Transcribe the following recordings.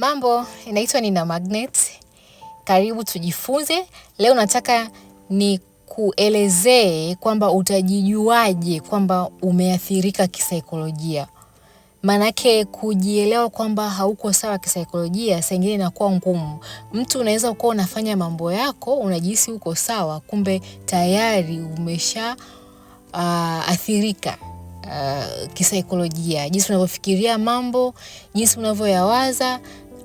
Mambo, inaitwa Nina Magnet. Karibu tujifunze. Leo nataka ni kuelezee kwamba utajijuaje kwamba umeathirika kisaikolojia. Maanake kujielewa kwamba hauko sawa kisaikolojia saa ingine inakuwa ngumu. Mtu unaweza ukuwa unafanya mambo yako unajihisi uko sawa, kumbe tayari umesha uh, athirika uh, kisaikolojia, jinsi unavyofikiria mambo, jinsi unavyoyawaza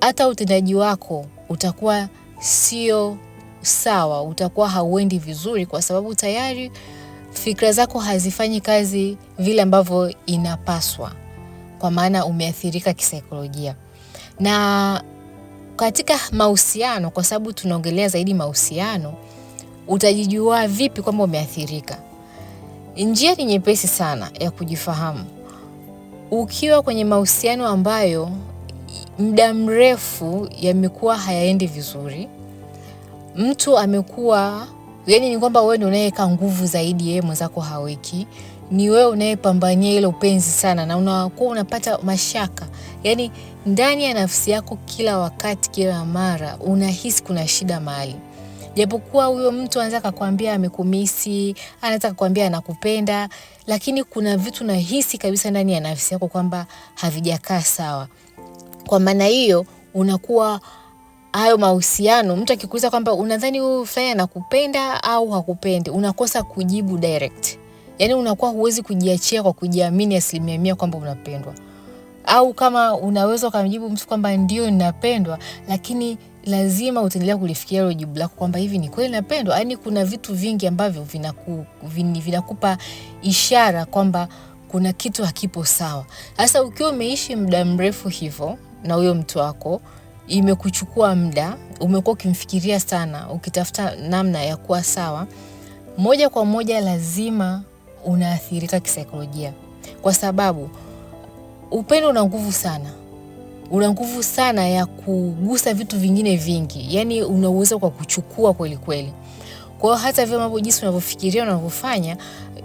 hata utendaji wako utakuwa sio sawa, utakuwa hauendi vizuri, kwa sababu tayari fikra zako hazifanyi kazi vile ambavyo inapaswa, kwa maana umeathirika kisaikolojia. Na katika mahusiano, kwa sababu tunaongelea zaidi mahusiano, utajijua vipi kwamba umeathirika? Njia ni nyepesi sana ya kujifahamu ukiwa kwenye mahusiano ambayo muda mrefu yamekuwa hayaendi vizuri. Mtu amekuwa yani, ni kwamba wewe ndio unayeweka nguvu zaidi, yeye mwenzako haweki. Ni wewe unayepambania ile upenzi sana, na unakuwa unapata mashaka yani ndani ya nafsi yako, kila wakati, kila mara unahisi kuna shida mahali japokuwa huyo mtu anaweza akakwambia amekumisi, anaweza akakwambia anakupenda, lakini kuna vitu nahisi kabisa ndani ya nafsi yako kwamba havijakaa sawa. Kwa maana hiyo unakuwa hayo mahusiano, mtu akikuuliza kwamba unadhani huyu fulani anakupenda au hakupendi, unakosa kujibu direct. Yani unakuwa huwezi kujiachia kwa kujiamini asilimia mia kwamba unapendwa, au kama unaweza ukamjibu mtu kwamba ndio ninapendwa, lakini lazima utaendelea kulifikiria hilo jibu lako kwamba hivi ni kweli napendwa. Yani kuna vitu vingi ambavyo vinaku, vin, vinakupa ishara kwamba kuna kitu hakipo sawa. Sasa ukiwa umeishi muda mrefu hivyo na huyo mtu wako imekuchukua muda, umekuwa ukimfikiria sana, ukitafuta namna ya kuwa sawa, moja kwa moja lazima unaathirika kisaikolojia, kwa sababu upendo una nguvu sana, una nguvu sana ya kugusa vitu vingine vingi, yani una uwezo kwa kuchukua kweli kweli. Kwa hiyo hata vile mambo jinsi unavyofikiria unavyofanya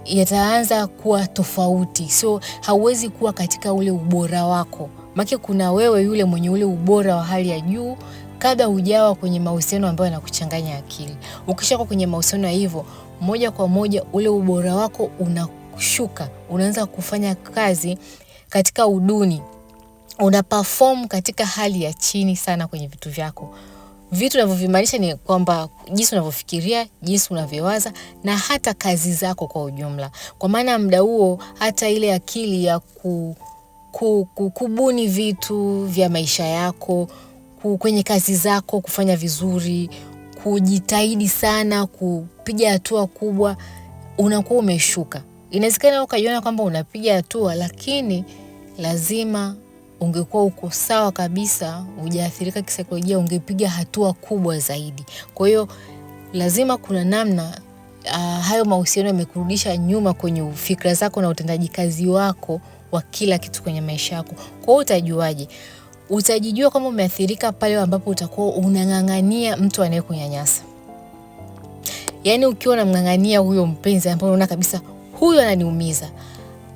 yataanza kuwa tofauti, so hauwezi kuwa katika ule ubora wako. Maana kuna wewe yule mwenye ule ubora wa hali ya juu kabla hujawa kwenye mahusiano ambayo yanakuchanganya akili. Ukishakuwa kwenye mahusiano ya hivyo, moja kwa moja ule ubora wako unashuka, unaanza kufanya kazi katika uduni, una perform katika hali ya chini sana kwenye vitu vyako. Vitu unavyovimaanisha ni kwamba jinsi unavyofikiria, jinsi unavyowaza na hata kazi zako kwa ujumla, kwa maana muda huo hata ile akili ya ku kubuni vitu vya maisha yako kwenye kazi zako, kufanya vizuri, kujitahidi sana, kupiga hatua kubwa, unakuwa umeshuka. Inawezekana ukajiona kwamba unapiga hatua, lakini lazima ungekuwa uko sawa kabisa, hujaathirika kisaikolojia, ungepiga hatua kubwa zaidi. Kwa hiyo lazima kuna namna uh, hayo mahusiano yamekurudisha nyuma kwenye fikra zako na utendaji kazi wako wa kila kitu kwenye maisha yako. Kwa hiyo utajuaje? Utajijua kama umeathirika pale ambapo utakuwa unang'ang'ania mtu anayekunyanyasa. Yaani ukiwa unamng'ang'ania huyo mpenzi ambaye unaona kabisa huyu ananiumiza,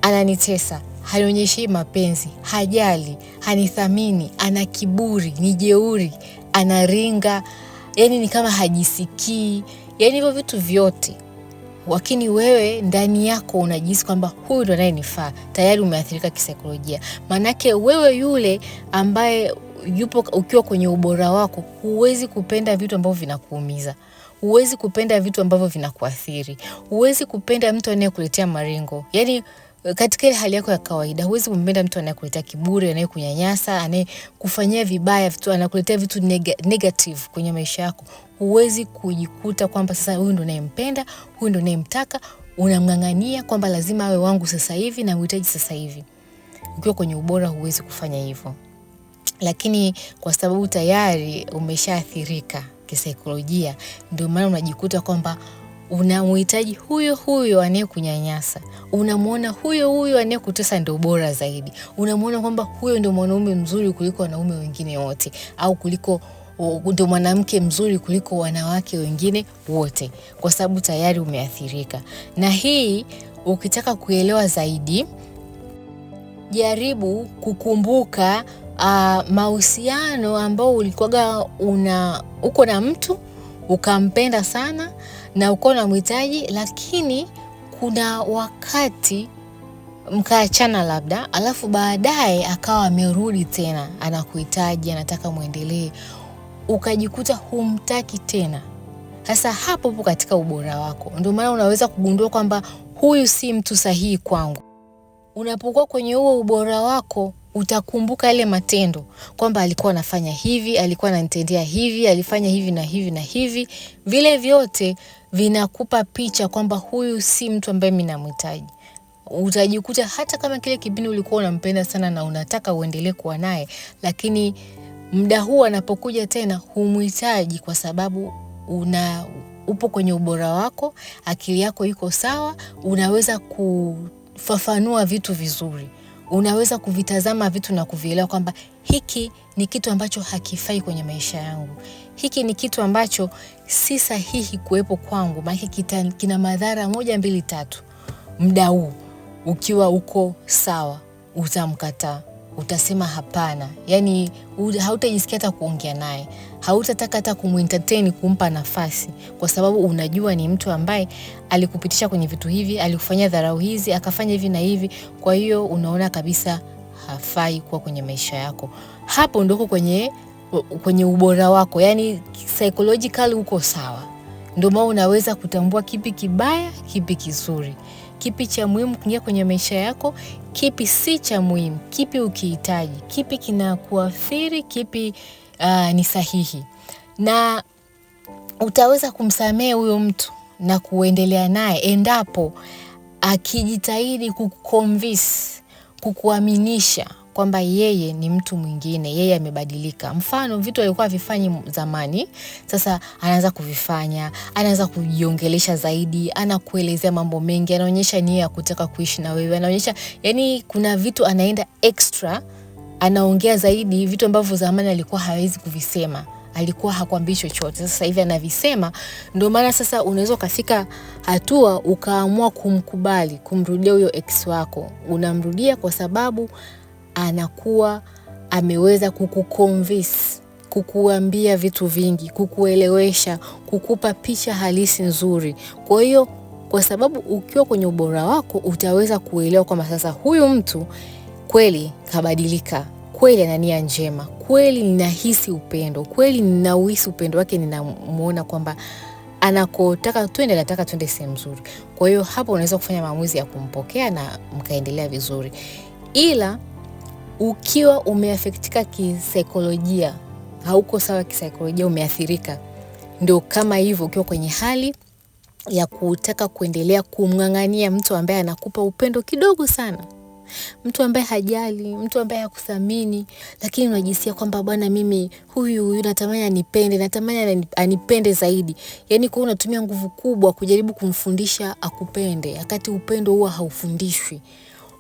ananitesa, hanionyeshi mapenzi, hajali, hanithamini, ana kiburi, ni jeuri, anaringa, yaani ni kama hajisikii yaani hivyo vitu vyote, lakini wewe ndani yako unajihisi kwamba huyu ndo anayenifaa, tayari umeathirika kisaikolojia. Maanake wewe yule ambaye yupo ukiwa kwenye ubora wako, huwezi kupenda vitu ambavyo vinakuumiza huwezi kupenda vitu ambavyo vinakuathiri, huwezi kupenda mtu anayekuletea maringo. Yani eh, katika ile hali yako ya kawaida, huwezi kumpenda mtu anayekuletea kiburi, anayekunyanyasa, anayekufanyia vibaya vitu, anakuletea vitu neg negative kwenye maisha yako, huwezi kujikuta kwamba sasa huyu ndo nayempenda, huyu ndo nayemtaka, unamng'ang'ania kwamba lazima awe wangu sasa hivi na uhitaji sasa hivi. Ukiwa kwenye ubora huwezi kufanya hivyo, lakini kwa sababu tayari umeshaathirika kisaikolojia, ndio maana unajikuta kwamba unamhitaji huyo huyo anayekunyanyasa, unamwona huyo huyo anayekutesa ndio bora zaidi, unamwona kwamba huyo ndio mwanaume mzuri kuliko wanaume wengine wote au kuliko ndio mwanamke mzuri kuliko wanawake wengine wote, kwa sababu tayari umeathirika na hii. Ukitaka kuelewa zaidi, jaribu kukumbuka uh, mahusiano ambao ulikuwaga una uko na mtu ukampenda sana na uko na mhitaji, lakini kuna wakati mkaachana labda, alafu baadaye akawa amerudi tena, anakuhitaji, anataka mwendelee ukajikuta humtaki tena. Sasa hapo upo katika ubora wako, ndio maana unaweza kugundua kwamba huyu si mtu sahihi kwangu. Unapokuwa kwenye huo ubora wako utakumbuka yale matendo kwamba alikuwa anafanya hivi, alikuwa ananitendea hivi, alifanya hivi na hivi na hivi. Vile vyote vinakupa picha kwamba huyu si mtu ambaye mimi namhitaji. Utajikuta hata kama kile kipindi ulikuwa unampenda sana na unataka uendelee kuwa naye, lakini muda huu anapokuja tena humhitaji, kwa sababu una upo kwenye ubora wako, akili yako iko sawa, unaweza kufafanua vitu vizuri, unaweza kuvitazama vitu na kuvielewa kwamba hiki ni kitu ambacho hakifai kwenye maisha yangu, hiki ni kitu ambacho si sahihi kuwepo kwangu, maana kina madhara moja mbili tatu. Muda huu ukiwa uko sawa, utamkataa utasema hapana, yani hautajisikia hata kuongea naye, hautataka hata kumentertain, kumpa nafasi, kwa sababu unajua ni mtu ambaye alikupitisha kwenye vitu hivi, alikufanyia dharau hizi, akafanya hivi na hivi. Kwa hiyo unaona kabisa hafai kuwa kwenye maisha yako. Hapo ndoko kwenye, kwenye ubora wako, yani psychological uko sawa. Ndio maana unaweza kutambua kipi kibaya, kipi kizuri kipi cha muhimu kuingia kwenye maisha yako, kipi si cha muhimu, kipi ukihitaji, kipi kinakuathiri, kipi uh, ni sahihi, na utaweza kumsamehe huyo mtu na kuendelea naye endapo akijitahidi kukukonvince, kukuaminisha kwamba yeye ni mtu mwingine, yeye amebadilika. Mfano, vitu alikuwa avifanyi zamani, sasa anaanza kuvifanya, anaanza kujiongelesha zaidi, anakuelezea mambo mengi, anaonyesha nia ya kutaka kuishi na wewe, anaonyesha yani, kuna vitu anaenda extra, anaongea zaidi, vitu ambavyo zamani alikuwa hawezi kuvisema alikuwa hakwambii chochote, sasa hivi anavisema. Ndio maana sasa unaweza ukafika hatua ukaamua kumkubali, kumrudia huyo ex wako. Unamrudia kwa sababu anakuwa ameweza kukukonvince kukuambia vitu vingi, kukuelewesha, kukupa picha halisi nzuri. Kwa hiyo kwa sababu ukiwa kwenye ubora wako utaweza kuelewa kwamba sasa huyu mtu kweli kabadilika, kweli ana nia njema, kweli ninahisi upendo, kweli ninauhisi upendo wake, ninamwona kwamba anakotaka twende, nataka twende sehemu nzuri. Kwa hiyo hapo unaweza kufanya maamuzi ya kumpokea na mkaendelea vizuri, ila ukiwa umeafektika kisaikolojia, hauko sawa kisaikolojia, umeathirika, ndio kama hivyo, ukiwa kwenye hali ya kutaka kuendelea kumng'ang'ania mtu ambaye anakupa upendo kidogo sana, mtu ambaye hajali, mtu ambaye hakuthamini, lakini unajisikia kwamba bwana, mimi huyu huyu natamani anipende, natamani anipende zaidi. Yani kwa unatumia nguvu kubwa kujaribu kumfundisha akupende, wakati upendo huwa haufundishwi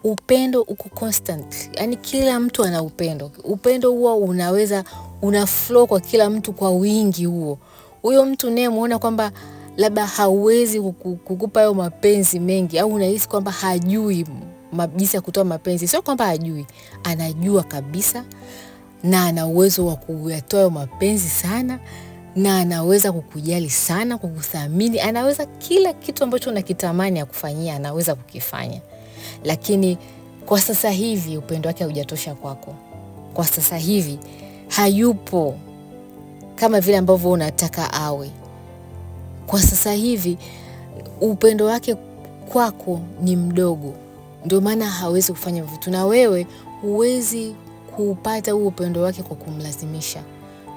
upendo uko constant, yani kila mtu ana upendo. Upendo huo unaweza una flow kwa kila mtu kwa wingi huo. Huyo mtu unayemwona kwamba labda hauwezi kukupa hayo mapenzi mengi, au unahisi kwamba hajui jinsi ya kutoa mapenzi, sio kwamba hajui, anajua kabisa na ana uwezo wa kuyatoa hayo mapenzi sana na anaweza kukujali sana, kukuthamini, anaweza kila kitu ambacho unakitamani akufanyia, anaweza kukifanya lakini kwa sasa hivi upendo wake haujatosha kwako. Kwa sasa hivi hayupo kama vile ambavyo unataka awe. Kwa sasa hivi upendo wake kwako ni mdogo, ndio maana hawezi kufanya vitu, na wewe huwezi kuupata huu upendo wake kwa kumlazimisha,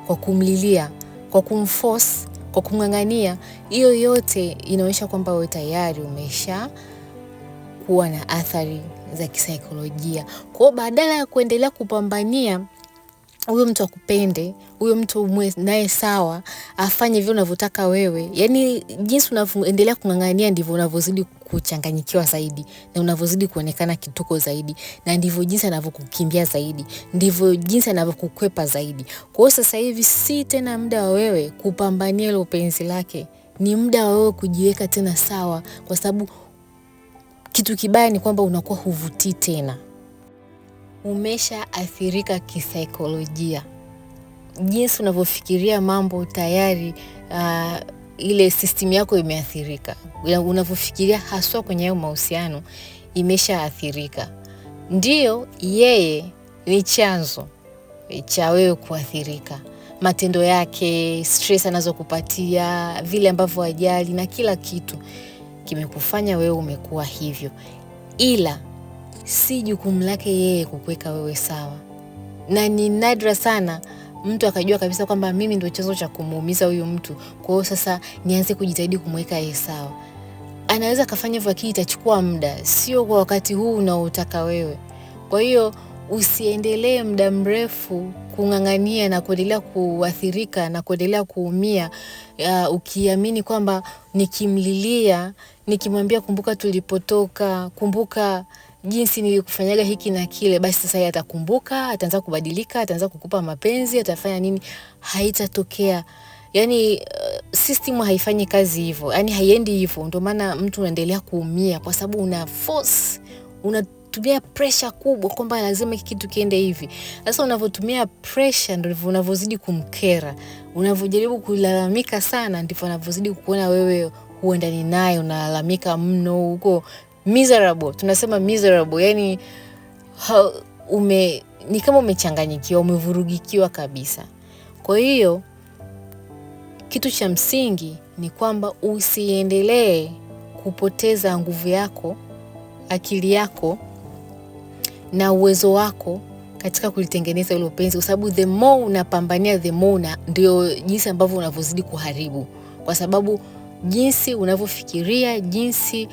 kwa kumlilia, kwa kumforce, kwa kungangania Hiyo yote inaonyesha kwamba wewe tayari umesha huwa na athari za kisaikolojia. Kwa hiyo badala ya kuendelea kupambania huyo mtu akupende, huyo mtu umwe naye sawa, afanye vile unavyotaka wewe, yani jinsi unavyoendelea kung'ang'ania ndivyo unavyozidi kuchanganyikiwa zaidi na unavyozidi kuonekana kituko zaidi, na ndivyo jinsi anavyokukimbia zaidi, ndivyo jinsi anavyokukwepa zaidi. Kwa hiyo sasa hivi si tena muda wa wewe kupambania ile upenzi lake, ni muda wa wewe kujiweka tena sawa, kwa sababu kitu kibaya ni kwamba unakuwa huvutii tena, umeshaathirika kisaikolojia. Jinsi unavyofikiria mambo tayari, uh, ile sistimu yako imeathirika. Unavyofikiria haswa kwenye hayo mahusiano imeshaathirika. Ndiyo, yeye ni chanzo cha wewe kuathirika, matendo yake, stress anazokupatia, vile ambavyo ajali na kila kitu kimekufanya wewe umekuwa hivyo, ila si jukumu lake yeye kukuweka wewe sawa, na ni nadra sana mtu akajua kabisa kwamba mimi ndio chanzo cha kumuumiza huyu mtu, kwa hiyo sasa nianze kujitahidi kumweka yeye sawa. Anaweza akafanya hivyo, lakini itachukua muda, sio kwa wakati huu unaotaka wewe. Kwa hiyo usiendelee muda mrefu kung'ang'ania na kuendelea kuathirika na kuendelea kuumia, uh, ukiamini kwamba nikimlilia, nikimwambia kumbuka tulipotoka, kumbuka jinsi nilikufanyaga hiki na kile, basi sasa yeye atakumbuka, ataanza kubadilika, ataanza kukupa mapenzi, atafanya nini, haitatokea. Yani uh, system haifanyi kazi hivyo, yani haiendi hivyo. Ndio maana mtu unaendelea kuumia kwa sababu una force una unatumia presha kubwa kwamba lazima hiki kitu kiende hivi. Sasa unavyotumia presha ndivyo unavyozidi kumkera, unavyojaribu kulalamika sana ndivyo anavyozidi kukuona wewe huendani naye, unalalamika mno, huko miserable, tunasema miserable, yani ha, ume ni kama umechanganyikiwa, umevurugikiwa kabisa. Kwa hiyo kitu cha msingi ni kwamba usiendelee kupoteza nguvu yako, akili yako na uwezo wako katika kulitengeneza ule upenzi, kwa sababu the more unapambania the more una, ndio jinsi ambavyo unavyozidi kuharibu, kwa sababu jinsi unavyofikiria, jinsi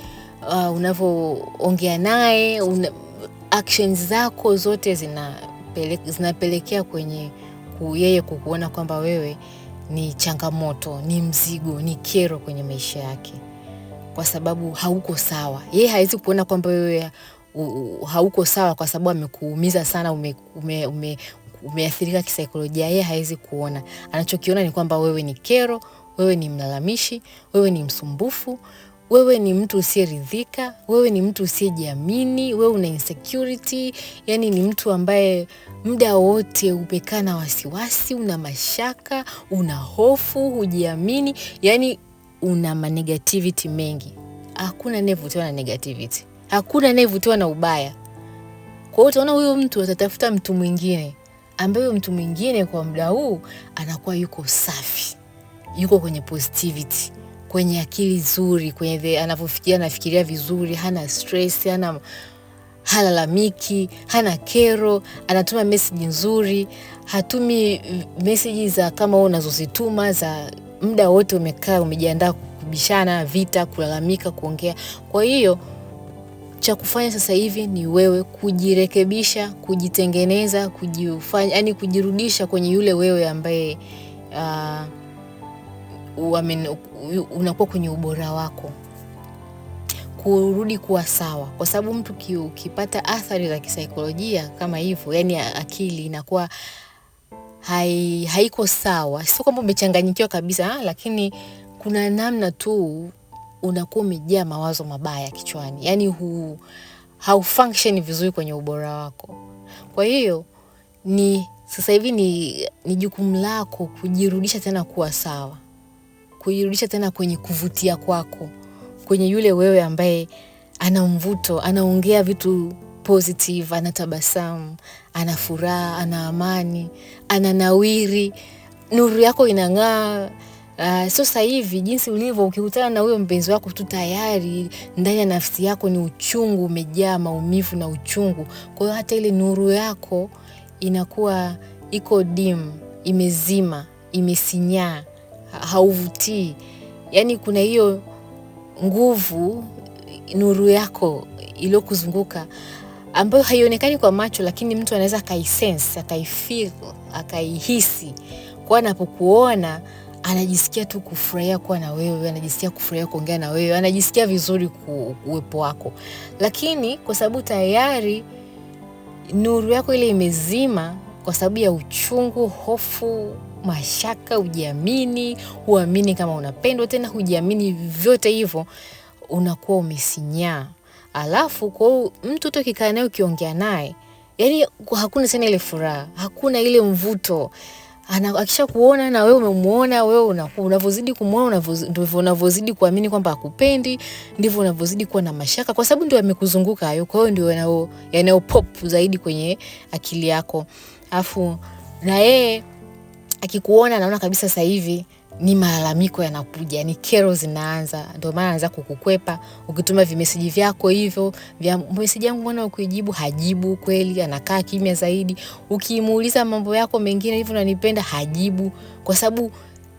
uh, unavyoongea naye una, actions zako zote zinapele, zinapelekea kwenye yeye kukuona kwamba wewe ni changamoto, ni mzigo, ni kero kwenye maisha yake, kwa sababu hauko sawa. Yeye hawezi kuona kwamba wewe hauko sawa, kwa sababu amekuumiza sana, umeathirika ume, ume, umeathirika kisaikolojia. Yeye hawezi kuona, anachokiona ni kwamba wewe ni kero, wewe ni mlalamishi, wewe ni msumbufu wewe ni mtu usiyeridhika, wewe ni mtu usiyejiamini, wewe una insecurity, yani ni mtu ambaye muda wote umekaa na wasiwasi, una mashaka, una hofu, hujiamini, yani una manegativity mengi. Hakuna anayevutiwa na negativity hakuna anayevutiwa na ubaya. Kwa hiyo utaona huyu mtu atatafuta mtu mwingine ambaye mtu mwingine kwa muda huu anakuwa yuko safi, yuko kwenye positivity, kwenye akili nzuri, kwenye anavyofikiria, anafikiria vizuri, hana stress, hana halalamiki, hana kero, anatuma meseji nzuri, hatumi meseji za kama huo unazozituma za muda wote umekaa umejiandaa kubishana, vita, kulalamika, kuongea. Kwa hiyo cha kufanya sasa hivi ni wewe kujirekebisha, kujitengeneza, kujifanya, yani kujirudisha kwenye yule wewe ambaye uh, unakuwa kwenye ubora wako, kurudi kuwa sawa, kwa sababu mtu ukipata athari za kisaikolojia kama hivyo, yani akili inakuwa hai, haiko sawa. Sio kwamba umechanganyikiwa kabisa ha, lakini kuna namna tu unakuwa umejaa mawazo mabaya kichwani, yaani hu haufunction vizuri kwenye ubora wako. Kwa hiyo ni sasa hivi ni, ni jukumu lako kujirudisha tena kuwa sawa, kujirudisha tena kwenye kuvutia kwako, kwenye yule wewe ambaye ana mvuto, anaongea vitu positive, tabasamu ana furaha, ana amani, ana nawiri, nuru yako inang'aa. Uh, so sasa hivi jinsi ulivyo, ukikutana na huyo mpenzi wako tu tayari ndani ya nafsi yako ni uchungu, umejaa maumivu na uchungu. Kwa hiyo hata ile nuru yako inakuwa iko dim, imezima, imesinyaa, hauvutii. Yaani kuna hiyo nguvu, nuru yako iliyokuzunguka ambayo haionekani kwa macho, lakini mtu anaweza akaisense, akaifeel, akaihisi kwa anapokuona anajisikia tu kufurahia kuwa na wewe, anajisikia kufurahia kuongea na wewe, anajisikia vizuri kuwepo wako. Lakini kwa sababu tayari nuru yako ile imezima, kwa sababu ya uchungu, hofu, mashaka, hujiamini, huamini kama unapendwa tena, hujiamini, vyote hivyo unakuwa umesinyaa. Alafu kwa mtu tu ukikaa naye ukiongea naye, yani hakuna tena ile furaha, hakuna ile mvuto akisha kuona na wewe umemuona, wewe unavyozidi kumwona ndivyo unavyozidi kuamini kwamba akupendi, ndivyo unavyozidi kuwa na mashaka, kwa sababu ndio amekuzunguka hayo. Kwa hiyo ndio yanayo pop zaidi kwenye akili yako, afu na yeye akikuona anaona kabisa sasa hivi ni malalamiko yanakuja, ni kero zinaanza. Ndio maana anaanza kukukwepa ukituma vimeseji vyako hivyo vya meseji yangu, mbona ukijibu hajibu kweli, anakaa kimya zaidi. Ukimuuliza mambo yako mengine hivyo, nanipenda, hajibu kwa sababu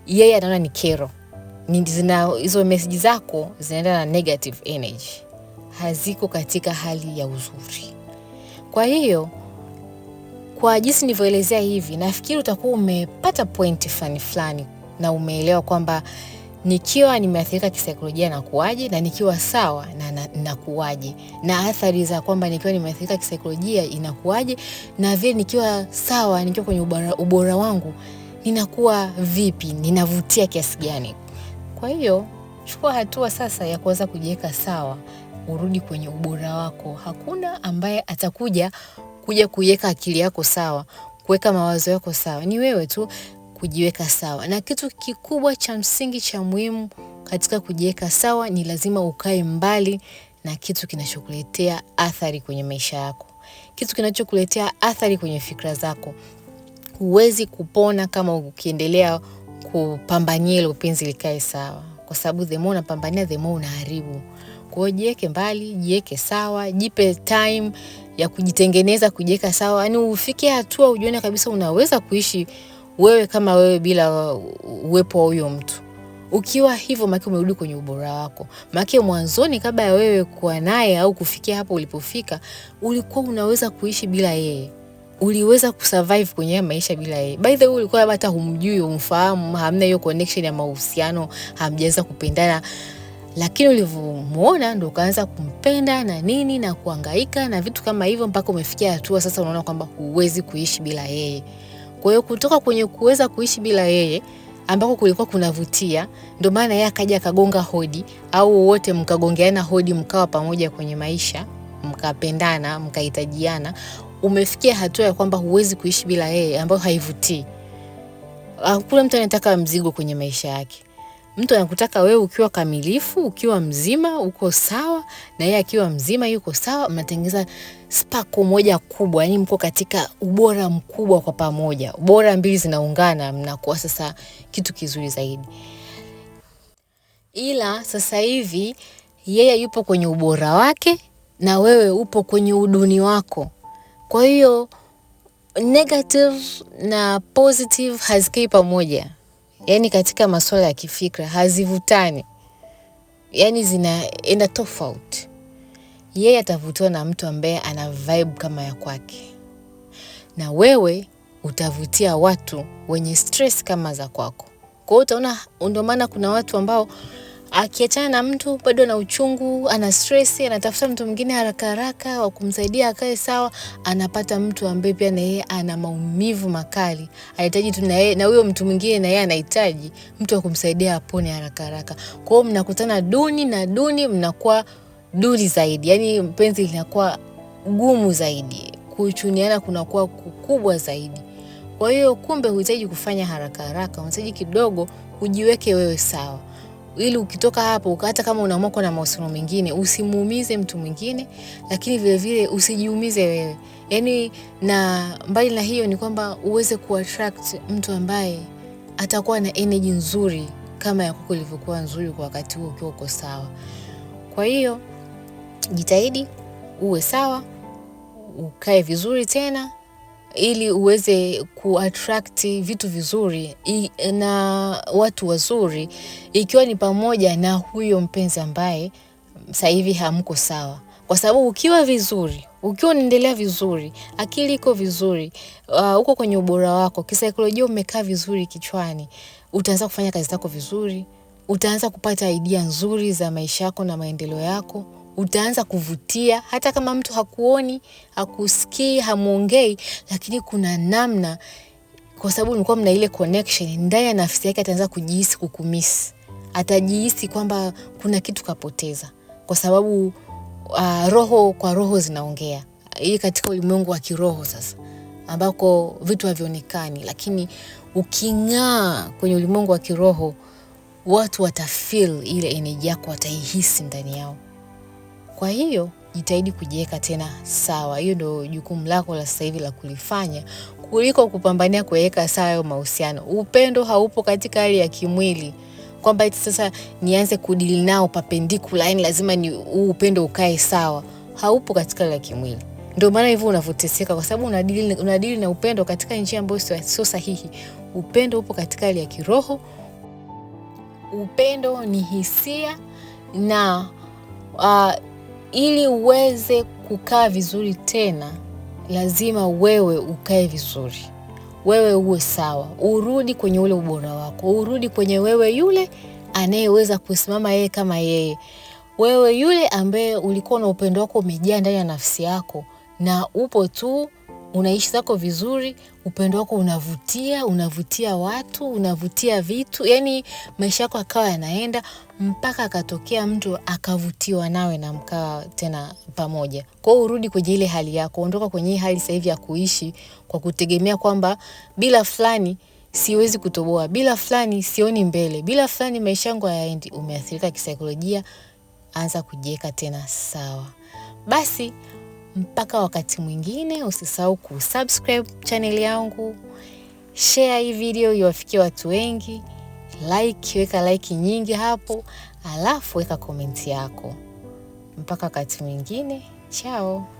yeye anaona ni kero, ni zina hizo meseji zako zinaenda na negative energy, haziko katika hali ya uzuri. Kwa hiyo kwa jinsi nilivyoelezea hivi, nafikiri utakuwa umepata pointi fulani fulani na umeelewa kwamba nikiwa nimeathirika kisaikolojia nakuwaje, na nikiwa sawa na, na, na athari za kwamba nikiwa nimeathirika kisaikolojia inakuwaje, na vile nikiwa sawa, nikiwa kwenye ubora, ubora wangu ninakuwa vipi, ninavutia kiasi gani. Kwa hiyo chukua hatua sasa ya kuweza kujiweka sawa, urudi kwenye ubora wako. Hakuna ambaye atakuja kuja kuiweka akili yako sawa kuweka mawazo yako sawa, ni wewe tu kujiweka sawa, na kitu kikubwa cha msingi cha muhimu katika kujiweka sawa ni lazima ukae mbali na kitu kinachokuletea athari kwenye maisha yako, kitu kinachokuletea athari kwenye fikra zako. Huwezi kupona kama ukiendelea kupambania ile upenzi likae sawa, kwa sababu the more unapambania the more unaharibu. Kwa hiyo jiweke mbali, jiweke sawa, jipe time ya kujitengeneza, kujiweka sawa, yaani ufike hatua ujione kabisa unaweza kuishi wewe kama wewe bila uwepo wa huyo mtu. Ukiwa hivyo, maana umerudi kwenye ubora wako. Maana mwanzoni, kabla ya wewe kuwa naye au kufikia hapo ulipofika, ulikuwa unaweza kuishi bila yeye uliweza kusurvive kwenye maisha bila yeye. By the way, ulikuwa hata humjui, umfahamu, hamna hiyo connection ya mahusiano, hamjaweza kupendana, lakini ulivyomuona ndo ukaanza kumpenda na nini na kuangaika na vitu kama hivyo, mpaka umefikia hatua sasa unaona kwamba huwezi kuishi bila yeye. Kwa hiyo kutoka kwenye kuweza kuishi bila yeye ambako kulikuwa kunavutia, ndio maana yeye akaja akagonga hodi, au wote mkagongeana hodi, mkawa pamoja kwenye maisha, mkapendana, mkahitajiana. Umefikia hatua ya kwamba huwezi kuishi bila yeye, ambayo haivutii. Hakuna mtu anataka mzigo kwenye maisha yake. Mtu anakutaka wewe ukiwa kamilifu, ukiwa mzima, uko sawa, na yeye akiwa mzima, yuko sawa, mnatengeneza spako moja kubwa, yani mko katika ubora mkubwa kwa pamoja. bora mbili zinaungana, mnakuwa sasa kitu kizuri zaidi. Ila sasa hivi yeye yupo kwenye ubora wake na wewe upo kwenye uduni wako, kwa hiyo negative na positive hazikai pamoja yani katika masuala ya kifikra hazivutani, yani zinaenda tofauti. Yeye atavutiwa na mtu ambaye ana vibe kama ya kwake, na wewe utavutia watu wenye stress kama za kwako. Kwa hiyo utaona, ndio maana kuna watu ambao akiachana na mtu bado ana uchungu, ana stress, anatafuta mtu mwingine haraka haraka wa kumsaidia akae sawa. Anapata mtu ambaye pia na yeye ana maumivu makali, anahitaji tu na huyo mtu mwingine, na yeye anahitaji mtu wa kumsaidia apone haraka haraka. Kwa hiyo mnakutana duni na duni, mnakuwa duni zaidi, yani mpenzi linakuwa gumu zaidi, kuchuniana kunakuwa kukubwa zaidi. Kwa hiyo kumbe, huhitaji kufanya haraka haraka, unahitaji kidogo ujiweke wewe sawa ili ukitoka hapo, hata kama unaamua kuwa na mahusiano mengine, usimuumize mtu mwingine, lakini vilevile usijiumize wewe. Yani, na mbali na hiyo ni kwamba uweze kuattract mtu ambaye atakuwa na energy nzuri kama ya kuko ilivyokuwa nzuri kwa wakati huo ukiwa uko sawa. Kwa hiyo jitahidi uwe sawa, ukae vizuri tena ili uweze kuattract vitu vizuri na watu wazuri, ikiwa ni pamoja na huyo mpenzi ambaye sasa hivi hamko sawa, kwa sababu ukiwa vizuri, ukiwa unaendelea vizuri, akili iko vizuri, uh, uko kwenye ubora wako kisaikolojia, umekaa vizuri kichwani, utaanza kufanya kazi zako vizuri, utaanza kupata idea nzuri za maisha yako na maendeleo yako utaanza kuvutia, hata kama mtu hakuoni, hakusikii, hamwongei lakini kuna namna, kwa sababu mlikuwa mna ile connection ndani ya nafsi yake, ataanza kujihisi kukumisi, atajihisi kwamba kuna kitu kapoteza, kwa sababu uh, roho kwa roho zinaongea. Hii katika ulimwengu wa kiroho sasa ambako vitu havionekani, lakini uking'aa kwenye ulimwengu wa kiroho, watu watafil ile energy yako, wataihisi ndani yao. Kwa hiyo jitahidi kujiweka tena sawa. Hiyo ndio jukumu lako la sasa hivi la kulifanya kuliko kupambania kuweka sawa hayo mahusiano. Upendo haupo katika hali ya kimwili kwamba eti sasa nianze kudili nao papendikula, yani lazima ni huu upendo ukae sawa, haupo katika hali ya kimwili. Ndio maana hivyo unavyoteseka, kwa sababu unadili, unadili na upendo katika njia ambayo sio sahihi. Upendo upo katika hali ya kiroho. Upendo ni hisia na uh, ili uweze kukaa vizuri tena, lazima wewe ukae vizuri, wewe uwe sawa, urudi kwenye ule ubora wako, urudi kwenye wewe yule anayeweza kusimama yeye kama yeye, wewe yule ambaye ulikuwa na upendo wako umejaa ndani ya nafsi yako na upo tu unaishi zako vizuri upendo wako unavutia, unavutia watu, unavutia vitu, yani maisha yako akawa yanaenda mpaka akatokea mtu akavutiwa nawe na mkaa tena pamoja. Kwa hiyo urudi kwenye ile hali yako, ondoka kwenye hii hali sasa hivi ya kuishi kwa kutegemea kwamba bila fulani siwezi kutoboa, bila fulani sioni mbele, bila fulani maisha yangu hayaendi. Umeathirika kisaikolojia, anza kujiweka tena sawa. Basi mpaka wakati mwingine, usisahau kusubscribe chaneli yangu, share hii video iwafikie watu wengi, like, weka like nyingi hapo, alafu weka komenti yako. Mpaka wakati mwingine, chao.